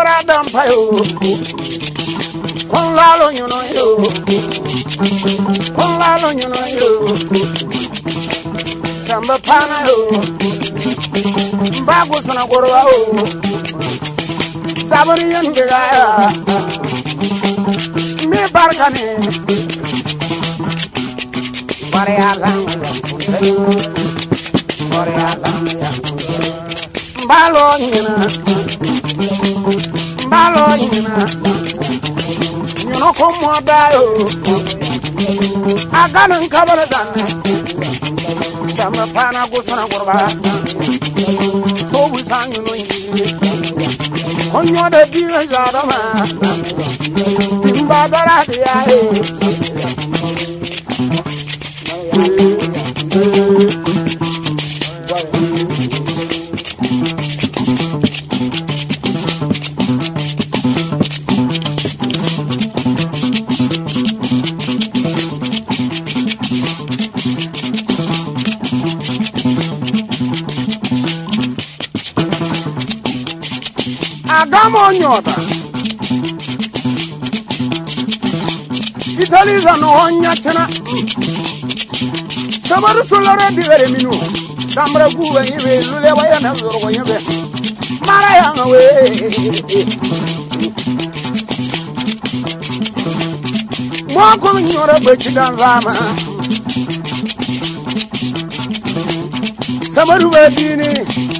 Ora dampa yo kola lo you yo kola lo you yo Samba pana yo Mbago sana gorwa yo Dabari yan gaya Me barka ne Bare alang Bare alang Balo nyina lọ yìnyínà yìnyínà kò mú ọdá o agánà nkábọ̀lẹ̀ dànù sàmì pàánà gòsànà gbọ̀rọ̀bà tó wù sàn yìnyínà yìnyínà kò nyọ́ de bí rẹ̀ yọ̀rọ̀ mà nbà dọ́là ti yá yé. Thank you. kama onyota italiza noonyacina samaru sulore digere minu damre kuwe yibe lule waya na zorgo yibe mara ya yanga we mwakum nyora bechidan zama samaru bedini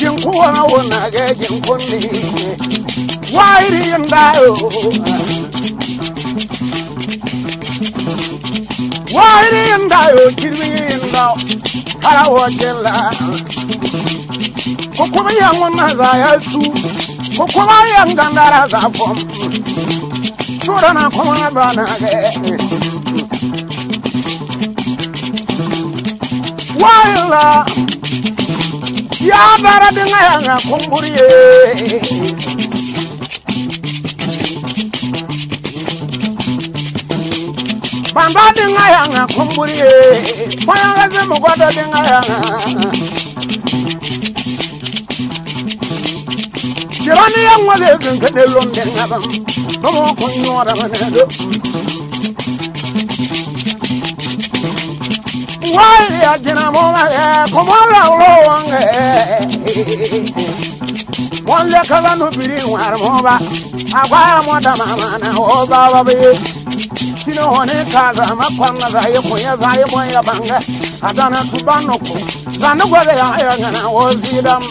jin kuwa wona Why did you die? yin dayo wairi yin dayo kirbi yin dayo hara wajela ko kuma yan wannan za ya su ko kuma yan gangara za fom sura na kuma ba na ga Why love? ya bara de nga kumburie bamba de yanga kumburiye, fayanga ze mugoda de nga kirani yangu de gengede lomde nga bam bamo kunyora mane do wale ajina I komola ulowange eh, mwanje kala nubiri war moba agwara I mamana oba babe sino hone kaza I zaye kuya zaye moya banga adana tubano ku zanu gwale ya ngana ozidam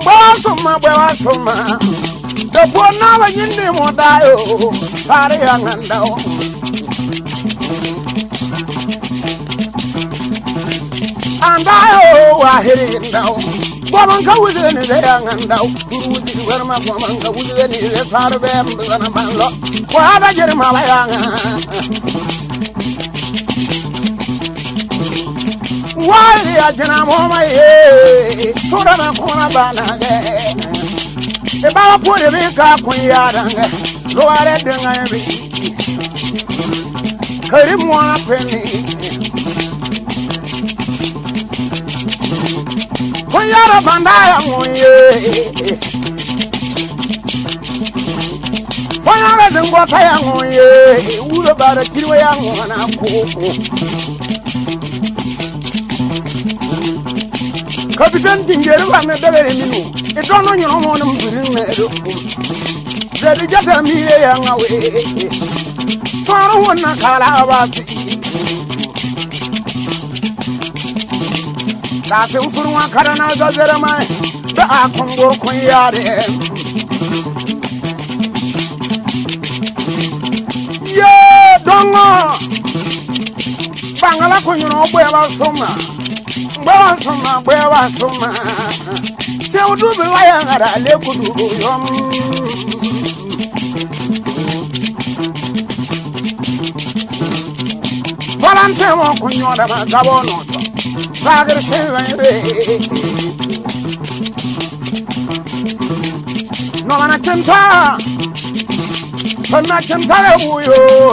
Bosuma bwe wasuma, the poor now and i the more die, oh. sorry, young and down. nganda o ahiri ndao gwaman ka wuzi ni you yanga ndao wuzi ni werma gwaman ka wuzi ni le sar be mbana banlo kwa da jirma la yanga wali ya jina moma ye tura na kuna bana ge e bawa kuri bi ka kun yara ge luware dinga ye bi kari mwana peni yọrọ bàbá àwọn yẹ. Bóyá rẹ̀ ti ń gbọ́ táyà Ìwúlò bàrẹ̀ kiri wáyà wọn náà kó. Kapiten wa mi bẹ̀rẹ̀ mi nù. Ìtọ́nà yìí ni mo bìrì mẹ́rin kù. Bẹ̀rẹ̀ jẹ́ta mi yẹ yàn wá wẹ̀. Sọ̀rọ̀ wọn na kàrà wá sí sasin furwa kada na zazira mai da a kun yare ye dongo bangala kunyuna gbe ba suma gbe ba suma gbe ba suma se o dubi waya ngara le kudu yom Volante mo kunyona ma gabono so Vardır şöyle No van a cantar Van a cantar a huyo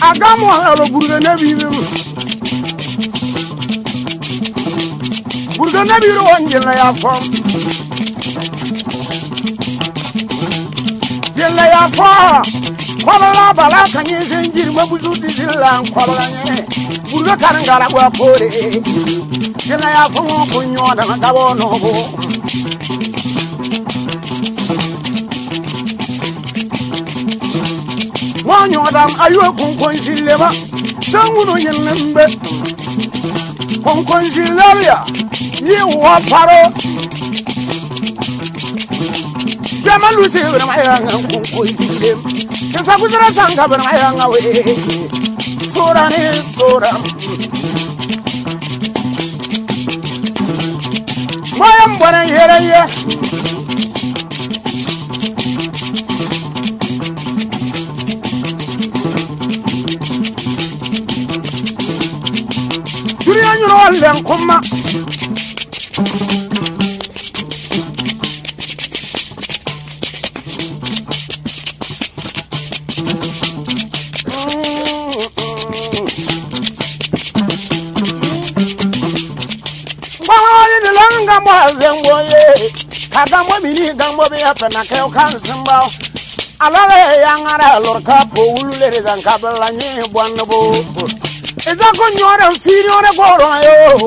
Hagamos a la burgana vivimos Burgana bir oyunla yapam Yalla yapam kwabala bala kanye zenjiri mabuzu dizila kwabala nye burga karangala kwa kore jena ya fongo kunyoda na gabo nobo mwanyodam ayuwe kunkonsilema sanguno yennembe kunkonsilaria yiwa paro Jamalu se vrema yang kunkonsilema sakuzira sanga bana yanga we sora ne sora moyam bana yere ye duriya nyuro len kuma kadambo mini gambo be apena ke kan simba alale yangara lor ka po ulule re dan kabla ni bonbo eza ko nyore siri ore goro yo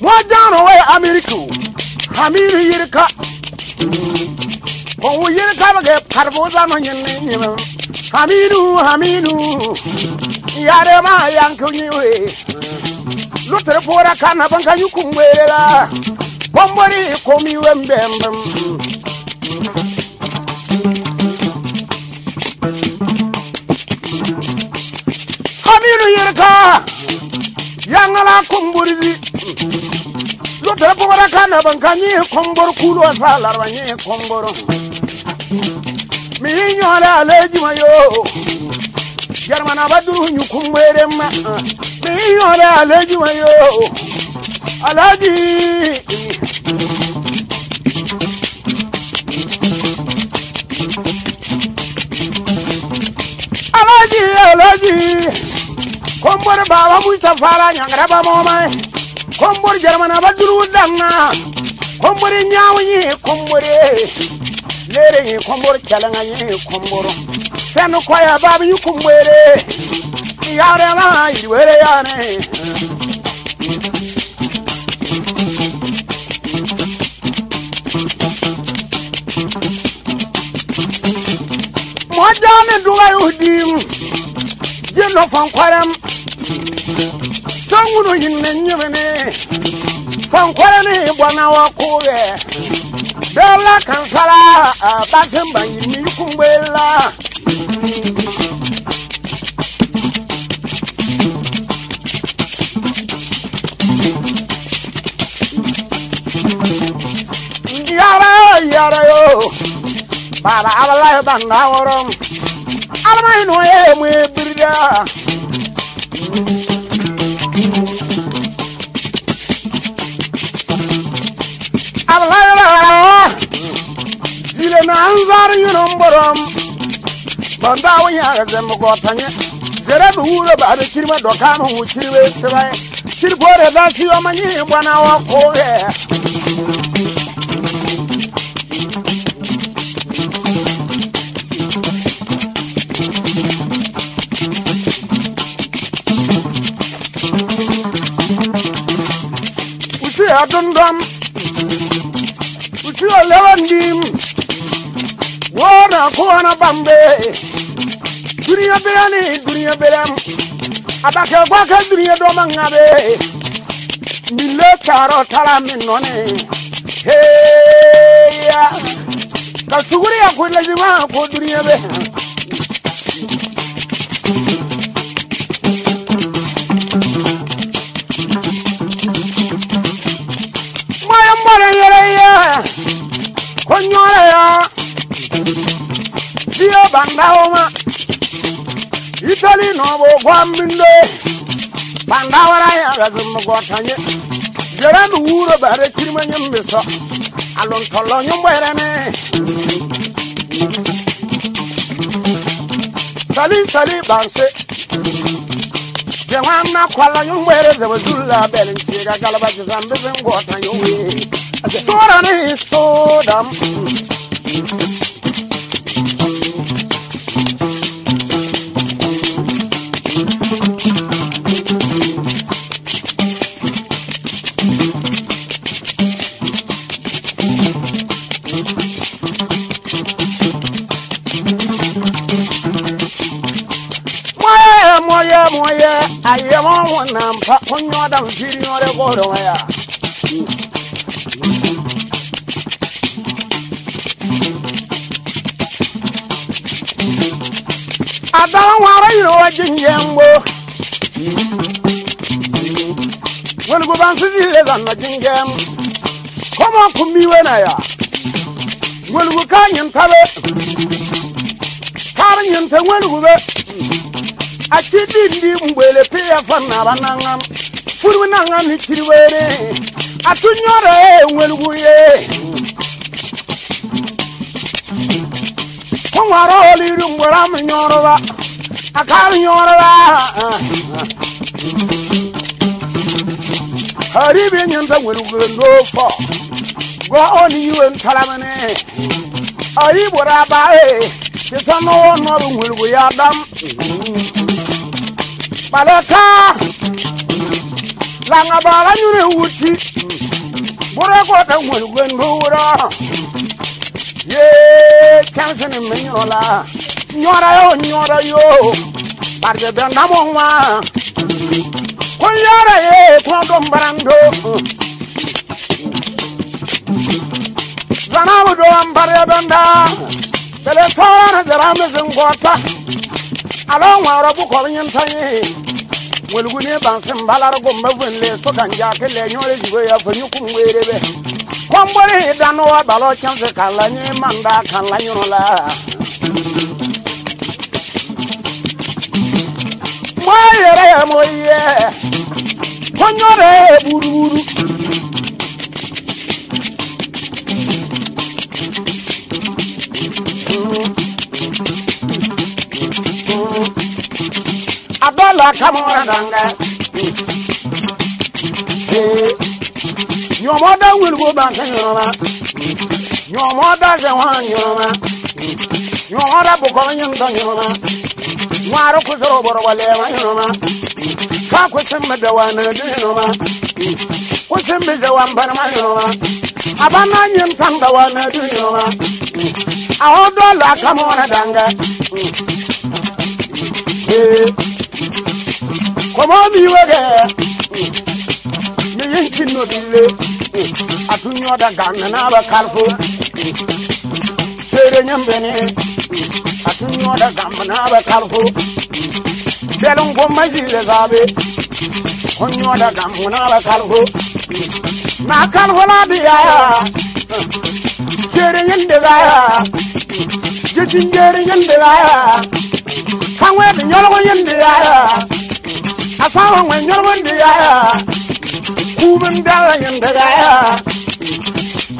mo jano we ameriku hamiru yirka ko yirka ba ke karbo zano nyin nyin hamiru hamiru yare ma yankunyiwe lutere pora kana banka yukumwera bombori komiwe mbembem haminu yirka yangala kumburidi lutere pora kana banka nyi kombor kulo salarwa nyi kombor mi nyole alejima yo baduru ma, badru nyukumwerema miyore alhaji wayo alaji. alhaji alhaji kombor baba mustafala ñangraba momay kombor jarmana baduru danga kombori ñawñi kombore lereñi kombor calanga ye, komboro Tenu kwa ya babi yuku mwere Yare mama iwere yare Mwaja ni dunga yuhudim Jino fankwarem Sangunu yinne nyivene Fankwarem ibwana wakuwe Dela kansala Basimba yinne yuku mwela bara abalai banda worom almai no ye mu birda abalai bala zile na anzar yunom borom banda wiya ga zem ko tanye zere du wuro ba de kirma do kam hu kirbe sebai kirbo da si o manyi bana wa ko kona bambe dunia berani dunia berem adake gwake dunia do mangabe mille charo tala minone heya kasuguri ya kuila jima ko duniya be pandawoma itali nobo gwammindo pandawara yaga zimmo gotanye jerami wuro bare kirma alon sali sali banse zulla belin ciga galaba jisambe zin gotanye we sorani con signore Corolla. Adala nwara yiri wa jinje mgbo. Wani guban ya. Wani guka nyin tabe. Kar nyin ta wani di mgbele piya fanna ba furu na nga ni chiriwere atunyore enweluguye kongwara oliru ngwara mnyoroba akari nyoroba haribe nyanda nweluguye ndofo go oni yuwe ntalamane ayi bora bae kisano wono nweluguye adam balaka langa bala nyune wuti bura ko ta ngol gendo wura ye chance ni menyola nyora yo nyora yo parje benda mwa, wa ye ko do mbarando zanamu do ambare benda bele sora na jarambe zingota alon wa rabu ko nyin welgune bansin balar so vunle sogan jakele nyore jigo ya vunyu kumwerebe kwambore danowa balo chanse kala nye manda kala nyorola moyere moye konyore buruburu Your mother lakamora ganga nyomoda wilgo banke nyoroma nyomoda zewa nyoroma nyomoda bukola nyinto nyoroma nwaro kuzoro boro walewa nyoroma ka kusimbe dawanadi nyoroma kusimbe zewa mbarma nyoroma abana nyintan dawanadi nyoroma ahodo lakamora ganga Yeah. Come okpomọbụ iwe gịnye nchi n'obile atụnye ọda ga nne na-aba kalfo chere nye mbene atụnye ọda ga nne na-aba kalfo bele ngwo mmaji ile zabe onye ọda ga nne na-aba kalfo na kalfo na-adị ya chere nye ndị ya jejin jere nye ndị ya kanwe dị nyọlọgwọ nye ndị ya asawa ŋmɛ nyɔrɔba de yaya kuubu n dala yɛn de yaya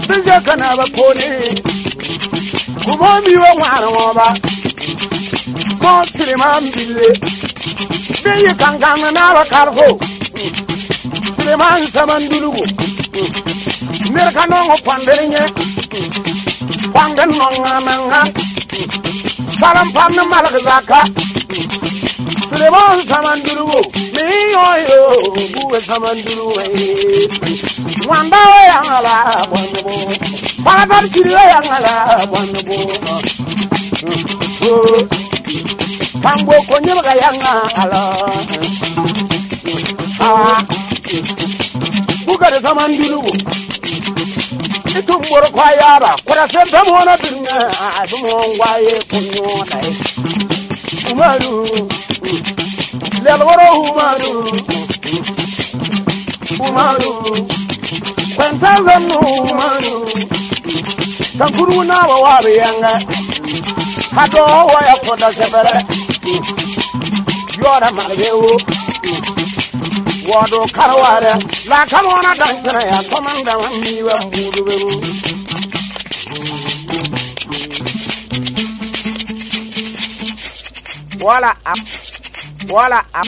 bi zɛ kana ba kooni kubɔ mi wa ŋmaara ŋɔ ba kɔɔ sirima n bile bi yi kankan na naa ba karifo sirima n sama n dulugu niri ka nɔŋɔ pɔndiri nyɛ pɔndi nɔŋa mɛ ŋa salam pam ni maligi zaka. Babo samanduru, mi oyo, buwe samanduru we. Wamba we yangala bwanubo, wala tabchiri we yangala bwanubo. Pambo konye mga yangala. Awa, bukare samanduru. Itumboro kwa yaba, kwa senta mwona birna, asumongwa ye kunyo na ye. Umaru, umaru. Umaru, Umaru, kwantaza mu Umaru, kankuru na wawari yanga, hado waya koda sebere, yora margewu, wado karware, la kamona dankina ya komanda wandiwe mbudu beru. Wala up, wala